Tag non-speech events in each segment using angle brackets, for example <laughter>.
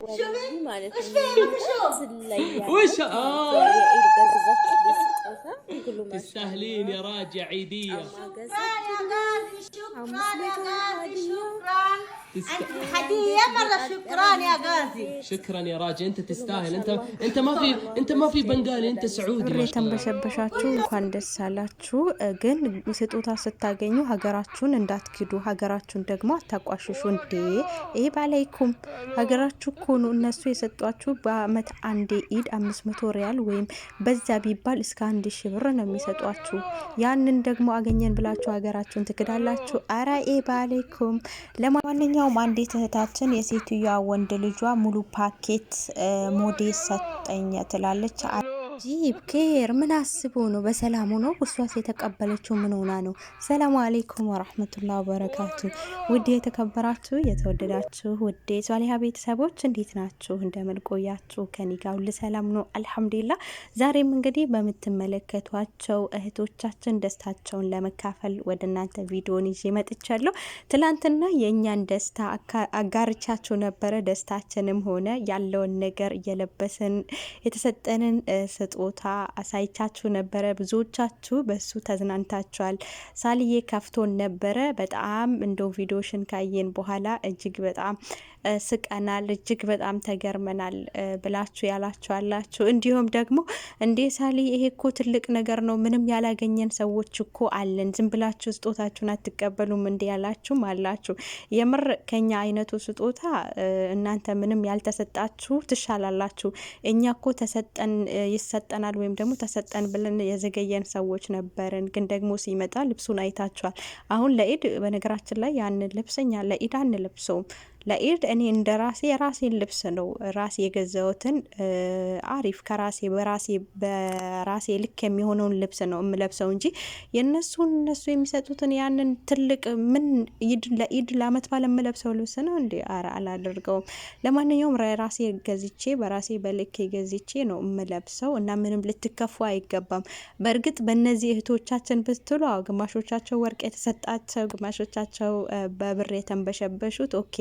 شوفي وش فيه وش وش فيه وش فيه عيديه هدية مرة شكرا يا غازي شكرا يا راجي انت تستاهل انت انت ما في انت ما في بنغالي انت سعودي የተንበሸበሻችሁ እንኳን ደስ ያላችሁ። ግን ስጦታ ስታገኙ ሀገራችሁን እንዳትክዱ፣ ሀገራችሁን ደግሞ አታቋሽሹ። እንዴ ይሄ ባላይኩም ሀገራችሁ እኮ ነው። እነሱ የሰጧችሁ በአመት አንዴ ኢድ አምስት መቶ ሪያል ወይም በዛ ቢባል እስከ አንድ ሺ ብር ነው የሚሰጧችሁ። ያንን ደግሞ አገኘን ብላችሁ ሀገራችሁ ራሳችሁን ትክዳላችሁ። አራኤ ባሌኩም። ለማንኛውም አንዲት እህታችን የሴትዮዋ ወንድ ልጇ ሙሉ ፓኬት ሞዴ ሰጠኝ ትላለች። ጂብ ኬር ምን አስቦ ነው? በሰላም ሆኖ እሷስ የተቀበለችው ምን ሆና ነው? ሰላሙ አሌይኩም ወራህመቱላ ወበረካቱ። ውድ የተከበራችሁ የተወደዳችሁ ውድ ሷሊሃ ቤተሰቦች እንዴት ናችሁ? እንደምን ቆያችሁ? ከኔ ጋር ሁሉ ሰላም ነው አልሐምዱሊላ። ዛሬም እንግዲህ በምትመለከቷቸው እህቶቻችን ደስታቸውን ለመካፈል ወደ እናንተ ቪዲዮን ይዤ መጥቻለሁ። ትላንትና የእኛን ደስታ አጋርቻችሁ ነበረ። ደስታችንም ሆነ ያለውን ነገር እየለበስን የተሰጠንን ስጦታ አሳይቻችሁ ነበረ። ብዙዎቻችሁ በሱ ተዝናንታችኋል። ሳልዬ ከፍቶን ነበረ በጣም እንደው ቪዲዮሽን ካየን በኋላ እጅግ በጣም ስቀናል፣ እጅግ በጣም ተገርመናል ብላችሁ ያላችኋላችሁ አላችሁ። እንዲሁም ደግሞ እንዴ ሳሊ ይሄ እኮ ትልቅ ነገር ነው፣ ምንም ያላገኘን ሰዎች እኮ አለን፣ ዝም ብላችሁ ስጦታችሁን አትቀበሉም እንዲ ያላችሁም አላችሁ። የምር ከኛ አይነቱ ስጦታ እናንተ ምንም ያልተሰጣችሁ ትሻላላችሁ። እኛ እኮ ተሰጠን ተሰጠናል ወይም ደግሞ ተሰጠን ብለን የዘገየን ሰዎች ነበርን። ግን ደግሞ ሲመጣ ልብሱን አይታችኋል። አሁን ለኢድ በነገራችን ላይ ያንን ልብስ እኛ ለኢድ አንለብሰውም። ለኢድ እኔ እንደ ራሴ ራሴን ልብስ ነው ራሴ የገዛሁትን አሪፍ ከራሴ በራሴ በራሴ ልክ የሚሆነውን ልብስ ነው የምለብሰው እንጂ የእነሱን እነሱ የሚሰጡትን ያንን ትልቅ ምን ለኢድ ለአመት ባለ የምለብሰው ልብስ ነው እንዲ አላደርገውም። ለማንኛውም ራሴ ገዝቼ በራሴ በልክ ገዝቼ ነው የምለብሰው እና ምንም ልትከፉ አይገባም። በእርግጥ በእነዚህ እህቶቻችን ብትሉ ግማሾቻቸው ወርቅ የተሰጣቸው፣ ግማሾቻቸው በብር የተንበሸበሹት ኦኬ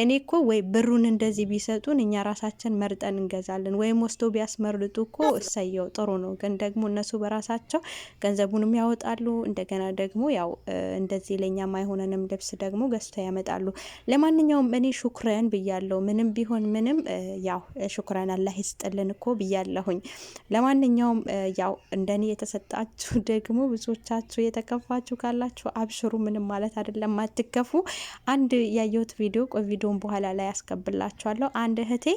እኔ እኮ ወይ ብሩን እንደዚህ ቢሰጡን እኛ ራሳችን መርጠን እንገዛለን፣ ወይም ወስደው ቢያስመርጡ እኮ እሰየው ጥሩ ነው። ግን ደግሞ እነሱ በራሳቸው ገንዘቡንም ያወጣሉ፣ እንደገና ደግሞ ያው እንደዚህ ለእኛ ማይሆነንም ልብስ ደግሞ ገዝተው ያመጣሉ። ለማንኛውም እኔ ሹክረን ብያለሁ። ምንም ቢሆን ምንም ያው ሹክረን አላህ ይስጥልን እኮ ብያለሁኝ። ለማንኛውም ያው እንደኔ የተሰጣችሁ <laughs> ደግሞ ብዙዎቻችሁ የተከፋችሁ ካላችሁ አብሽሩ፣ ምንም ማለት አይደለም፣ አትከፉ። አንድ ያየሁት ቪዲዮ ቪዲዮን በኋላ ላይ ያስከብላችኋለሁ። አንድ እህቴ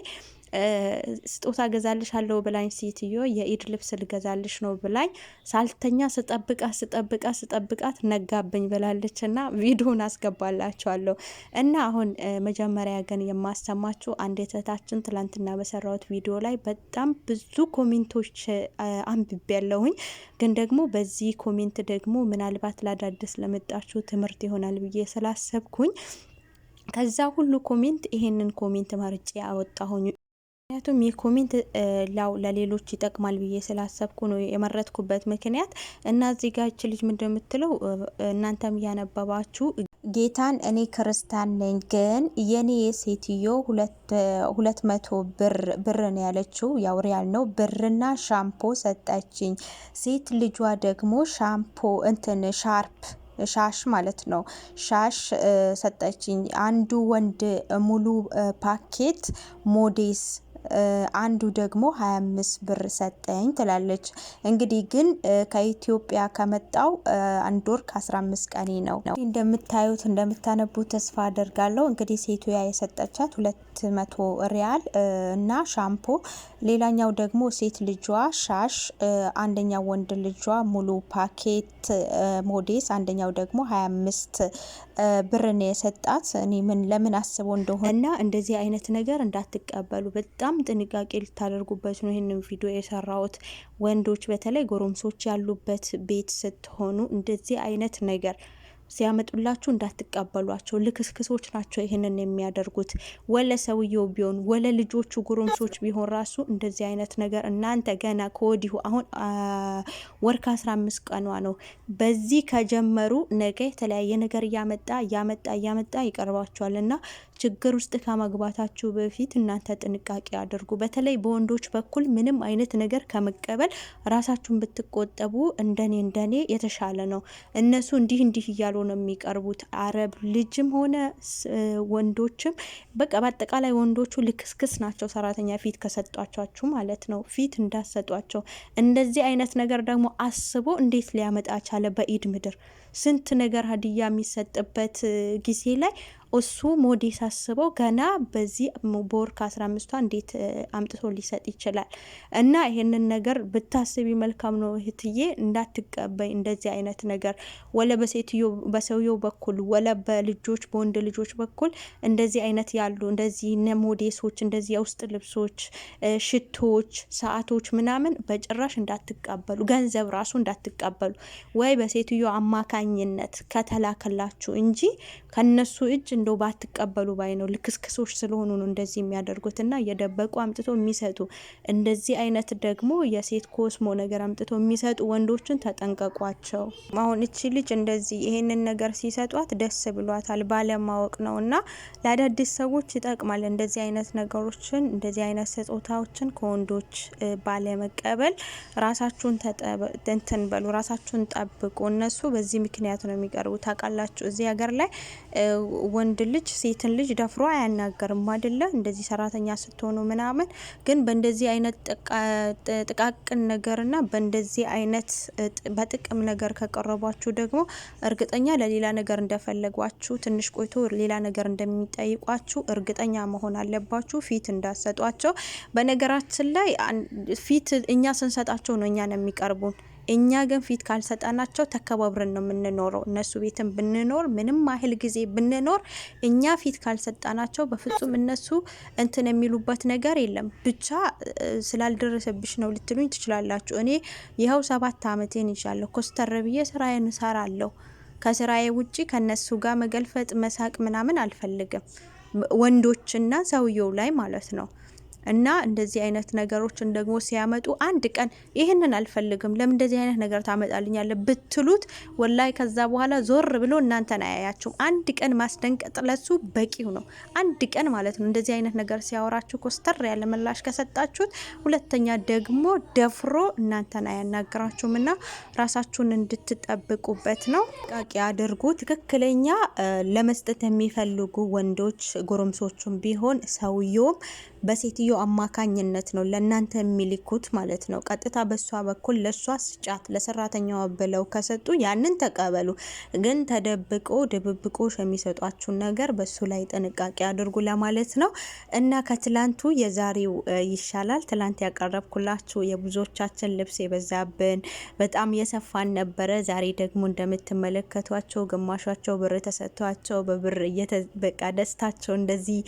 ስጦታ ገዛልሽ አለው ብላኝ ሴትዮ የኢድ ልብስ ልገዛልሽ ነው ብላኝ ሳልተኛ ስጠብቃት ስጠብቃት ስጠብቃት ነጋብኝ ብላለች። እና ቪዲዮን አስገባላችኋለሁ። እና አሁን መጀመሪያ ግን የማሰማችሁ አንድ እህታችን ትላንትና በሰራሁት ቪዲዮ ላይ በጣም ብዙ ኮሜንቶች አንብቤ ያለሁኝ ግን ደግሞ በዚህ ኮሜንት ደግሞ ምናልባት ላዳድስ ለመጣችሁ ትምህርት ይሆናል ብዬ ስላሰብኩኝ ከዛ ሁሉ ኮሜንት ይሄንን ኮሜንት መርጬ አወጣሁኝ። ምክንያቱም ይህ ኮሜንት ላው ለሌሎች ይጠቅማል ብዬ ስላሰብኩ ነው የመረጥኩበት ምክንያት እና እዚህ ጋች ልጅ ምንድን የምትለው እናንተም እያነበባችሁ ጌታን እኔ ክርስቲያን ነኝ፣ ግን የኔ የሴትዮ ሁለት መቶ ብር ብር ነው ያለችው፣ ያው ሪያል ነው። ብርና ሻምፖ ሰጠችኝ። ሴት ልጇ ደግሞ ሻምፖ እንትን ሻርፕ ሻሽ ማለት ነው። ሻሽ ሰጠችኝ። አንዱ ወንድ ሙሉ ፓኬት ሞዴስ አንዱ ደግሞ 25 ብር ሰጠኝ ትላለች። እንግዲህ ግን ከኢትዮጵያ ከመጣው አንድ ወር ከ15 ቀኔ ነው። እንደምታዩት እንደምታነቡት ተስፋ አደርጋለሁ። እንግዲህ ሴትዮዋ የሰጠቻት 200 ሪያል እና ሻምፖ፣ ሌላኛው ደግሞ ሴት ልጇ ሻሽ፣ አንደኛው ወንድ ልጇ ሙሉ ፓኬት ሞዴስ፣ አንደኛው ደግሞ 25 ብር ነው የሰጣት። እኔ ምን ለምን አስበው እንደሆነ እና እንደዚህ አይነት ነገር እንዳትቀበሉ በጣም በጣም ጥንቃቄ ልታደርጉበት ነው ይህንን ቪዲዮ የሰራሁት። ወንዶች በተለይ ጎረምሶች ያሉበት ቤት ስትሆኑ እንደዚህ አይነት ነገር ሲያመጡላችሁ እንዳትቀበሏቸው። ልክስክሶች ናቸው ይህንን የሚያደርጉት። ወለ ሰውየው ቢሆን ወለ ልጆቹ ጉርምሶች ቢሆን ራሱ እንደዚህ አይነት ነገር እናንተ ገና ከወዲሁ አሁን ወር ከአስራ አምስት ቀኗ ነው። በዚህ ከጀመሩ ነገ የተለያየ ነገር እያመጣ እያመጣ እያመጣ ይቀርባቸዋል እና ችግር ውስጥ ከመግባታችሁ በፊት እናንተ ጥንቃቄ አድርጉ። በተለይ በወንዶች በኩል ምንም አይነት ነገር ከመቀበል ራሳችሁን ብትቆጠቡ እንደኔ እንደኔ የተሻለ ነው። እነሱ እንዲህ እንዲህ እያሉ ነው የሚቀርቡት። አረብ ልጅም ሆነ ወንዶችም በቃ በአጠቃላይ ወንዶቹ ልክስክስ ናቸው። ሰራተኛ ፊት ከሰጧቸው ማለት ነው ፊት እንዳሰጧቸው። እንደዚህ አይነት ነገር ደግሞ አስቦ እንዴት ሊያመጣ ቻለ? በኢድ ምድር ስንት ነገር ሀዲያ የሚሰጥበት ጊዜ ላይ እሱ ሞዴስ ሳስበው ገና በዚህ በወር ከአስራ አምስቷ እንዴት አምጥቶ ሊሰጥ ይችላል? እና ይሄንን ነገር ብታስቢ መልካም ነው እህትዬ። እንዳትቀበይ እንደዚህ አይነት ነገር ወለ በሴትዮ በሰውየው በኩል ወለ በልጆች በወንድ ልጆች በኩል እንደዚህ አይነት ያሉ እንደዚህ ሞዴሶች፣ እንደዚህ የውስጥ ልብሶች፣ ሽቶዎች፣ ሰዓቶች ምናምን በጭራሽ እንዳትቀበሉ፣ ገንዘብ ራሱ እንዳትቀበሉ ወይ በሴትዮ አማካኝነት ከተላከላችሁ እንጂ ከነሱ እጅ እንደው ባትቀበሉ ባይ ነው። ልክስክሶች ስለሆኑ ነው እንደዚህ የሚያደርጉት እና የደበቁ አምጥቶ የሚሰጡ እንደዚህ አይነት ደግሞ የሴት ኮስሞ ነገር አምጥቶ የሚሰጡ ወንዶችን ተጠንቀቋቸው። አሁን እቺ ልጅ እንደዚህ ይሄንን ነገር ሲሰጧት ደስ ብሏታል፣ ባለማወቅ ነው እና ለአዳዲስ ሰዎች ይጠቅማል። እንደዚህ አይነት ነገሮችን እንደዚህ አይነት ስጦታዎችን ከወንዶች ባለመቀበል ራሳችሁን እንትን በሉ፣ ራሳችሁን ጠብቁ። እነሱ በዚህ ምክንያት ነው የሚቀርቡ ታውቃላችሁ። እዚህ ሀገር ላይ ወንድ ልጅ ሴትን ልጅ ደፍሮ አያናገርም አይደለ? እንደዚህ ሰራተኛ ስትሆኑ ምናምን። ግን በእንደዚህ አይነት ጥቃቅን ነገርና በእንደዚህ አይነት በጥቅም ነገር ከቀረቧችሁ ደግሞ እርግጠኛ ለሌላ ነገር እንደፈለጓችሁ ትንሽ ቆይቶ ሌላ ነገር እንደሚጠይቋችሁ እርግጠኛ መሆን አለባችሁ። ፊት እንዳሰጧቸው። በነገራችን ላይ ፊት እኛ ስንሰጣቸው ነው እኛን የሚቀርቡን እኛ ግን ፊት ካልሰጠናቸው ተከባብረን ነው የምንኖረው። እነሱ ቤትን ብንኖር ምንም ያህል ጊዜ ብንኖር እኛ ፊት ካልሰጠናቸው በፍጹም እነሱ እንትን የሚሉበት ነገር የለም። ብቻ ስላልደረሰብሽ ነው ልትሉኝ ትችላላችሁ። እኔ ይኸው ሰባት ዓመቴን ይዣለሁ። ኮስተር ብዬ ስራዬን እሰራለሁ። ከስራዬ ውጪ ከእነሱ ጋር መገልፈጥ መሳቅ ምናምን አልፈልግም። ወንዶችና ሰውየው ላይ ማለት ነው። እና እንደዚህ አይነት ነገሮችን ደግሞ ሲያመጡ አንድ ቀን ይህንን አልፈልግም፣ ለምን እንደዚህ አይነት ነገር ታመጣልኛለ ብትሉት ወላይ ከዛ በኋላ ዞር ብሎ እናንተን አያያችሁም። አንድ ቀን ማስደንቀጥ ለሱ በቂው ነው። አንድ ቀን ማለት ነው። እንደዚህ አይነት ነገር ሲያወራችሁ ኮስተር ያለ ምላሽ ከሰጣችሁት፣ ሁለተኛ ደግሞ ደፍሮ እናንተን አያናግራችሁም። እና ራሳችሁን እንድትጠብቁበት ነው። ቃቂ አድርጉ። ትክክለኛ ለመስጠት የሚፈልጉ ወንዶች ጎረምሶቹም ቢሆን ሰውየውም በሴትዮ በሴትዮ አማካኝነት ነው ለእናንተ የሚልኩት ማለት ነው። ቀጥታ በእሷ በኩል ለእሷ ስጫት ለሰራተኛዋ ብለው ከሰጡ ያንን ተቀበሉ። ግን ተደብቆ ድብብቆሽ የሚሰጧችሁን ነገር በሱ ላይ ጥንቃቄ አድርጉ ለማለት ነው እና ከትላንቱ የዛሬው ይሻላል። ትላንት ያቀረብኩላችሁ የብዙዎቻችን ልብስ የበዛብን በጣም የሰፋን ነበረ። ዛሬ ደግሞ እንደምትመለከቷቸው ግማሻቸው ብር ተሰጥቷቸው በብር በቃ ደስታቸው እንደዚህ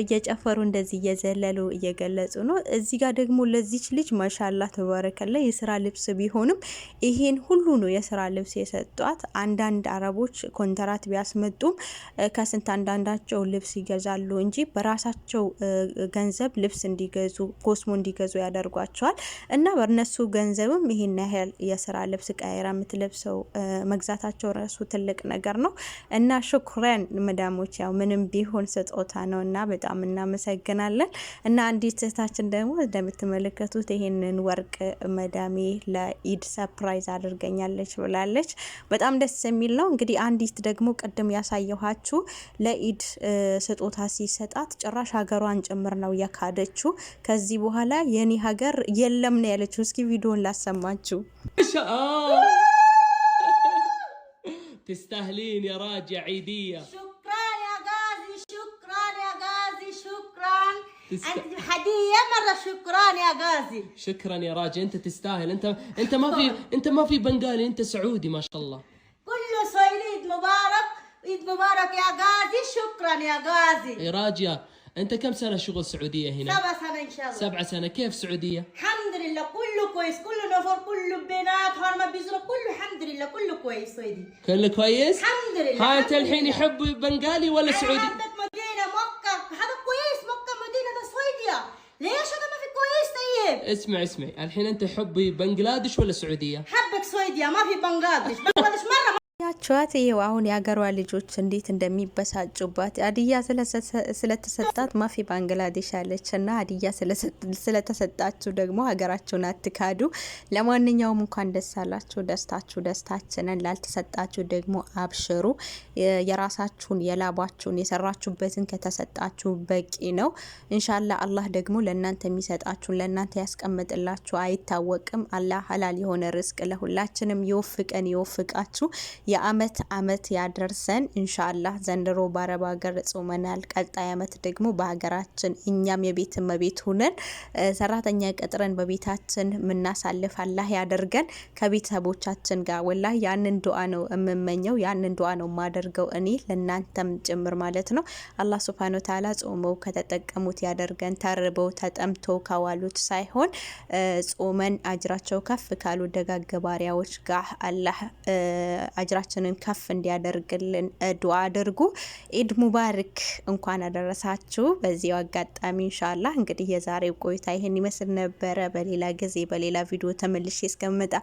እየጨፈሩ እንደዚህ እየዘለሉ እየገለጹ ነው። እዚህ ጋር ደግሞ ለዚች ልጅ ማሻላ ተባረከላ የስራ ልብስ ቢሆንም ይሄን ሁሉ ነው የስራ ልብስ የሰጧት። አንዳንድ አረቦች ኮንትራት ቢያስመጡም ከስንት አንዳንዳቸው ልብስ ይገዛሉ እንጂ በራሳቸው ገንዘብ ልብስ እንዲገዙ ኮስሞ እንዲገዙ ያደርጓቸዋል እና በእነሱ ገንዘብም ይሄን ያህል የስራ ልብስ ቀይራ የምትለብሰው መግዛታቸው ራሱ ትልቅ ነገር ነው እና ሽኩረን መዳሞች ያው ምንም ቢሆን ስጦታ ነው እና በጣም እናመሰግናለን እና እና አንዲት እህታችን ደግሞ እንደምትመለከቱት ይሄንን ወርቅ መዳሜ ለኢድ ሰፕራይዝ አድርገኛለች ብላለች። በጣም ደስ የሚል ነው። እንግዲህ አንዲት ደግሞ ቅድም ያሳየኋችሁ ለኢድ ስጦታ ሲሰጣት ጭራሽ ሀገሯን ጭምር ነው ያካደችው። ከዚህ በኋላ የኔ ሀገር የለም ነው ያለችው። እስኪ ቪዲዮን ላሰማችሁ። <laughs> ትስተህሊን የራጅ ዒድያ انت هديه مره شكرا يا غازي شكرا يا راجي انت تستاهل انت انت ما في <laughs> انت ما في بنغالي انت سعودي ما شاء الله كله صاير عيد مبارك عيد مبارك يا غازي شكرا يا غازي يا راجي انت كم سنه شغل سعوديه هنا؟ سبع سنه ان شاء الله سبع سنه كيف سعوديه؟ الحمد لله كله كويس كله نفر كله بنات هون ما بيزروا كله الحمد لله كله كويس سعودي كله كويس؟ الحمد لله هاي انت الحين يحب بنغالي ولا سعودي؟ حبت مدينه مكه هذا كويس مكه سعوديه ليش انا ما في كويس طيب اسمع اسمعي الحين انت حبي بنغلاديش ولا سعوديه حبك سويديا ما في بنغلاديش بنغلاديش مره ያቸዋት ይኸው አሁን የሀገሯ ልጆች እንዴት እንደሚበሳጩባት አድያ ስለተሰጣት ማፊ ባንግላዴሽ አለች እና አድያ ስለተሰጣችሁ ደግሞ ሀገራችሁን አትካዱ። ለማንኛውም እንኳን ደስ አላችሁ፣ ደስታችሁ ደስታችንን፣ ላልተሰጣችሁ ደግሞ አብሽሩ። የራሳችሁን የላባችሁን የሰራችሁበትን ከተሰጣችሁ በቂ ነው። እንሻላ አላህ ደግሞ ለእናንተ የሚሰጣችሁን ለእናንተ ያስቀምጥላችሁ፣ አይታወቅም። አላህ ሀላል የሆነ ርስቅ ለሁላችንም ይወፍቀን፣ ይወፍቃችሁ የአመት አመት ያደርሰን እንሻላ ዘንድሮ በአረብ ሀገር ጾመናል። ቀጣይ አመት ደግሞ በሀገራችን እኛም የቤት እመቤት ሁነን ሰራተኛ ቀጥረን በቤታችን ምናሳልፍ አላህ ያደርገን ከቤተሰቦቻችን ጋር። ወላ ያንን ዱዓ ነው የምመኘው፣ ያንን ዱዓ ነው የማደርገው እኔ ለእናንተም ጭምር ማለት ነው። አላህ ሱብሃነ ወተዓላ ጾመው ከተጠቀሙት ያደርገን፣ ተርበው ተጠምቶ ከዋሉት ሳይሆን ጾመን አጅራቸው ከፍ ካሉ ደጋግ ባሪያዎች ጋር አላህ አጅራችንን ከፍ እንዲያደርግልን ዱዓ አድርጉ። ኢድ ሙባርክ፣ እንኳን አደረሳችሁ። በዚያው አጋጣሚ እንሻላ እንግዲህ የዛሬው ቆይታ ይህን ይመስል ነበረ። በሌላ ጊዜ በሌላ ቪዲዮ ተመልሼ እስከምመጣ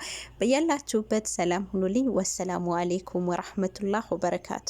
በያላችሁበት ሰላም ሁኑልኝ። ወሰላሙ አሌይኩም ወራህመቱላህ ወበረካቱ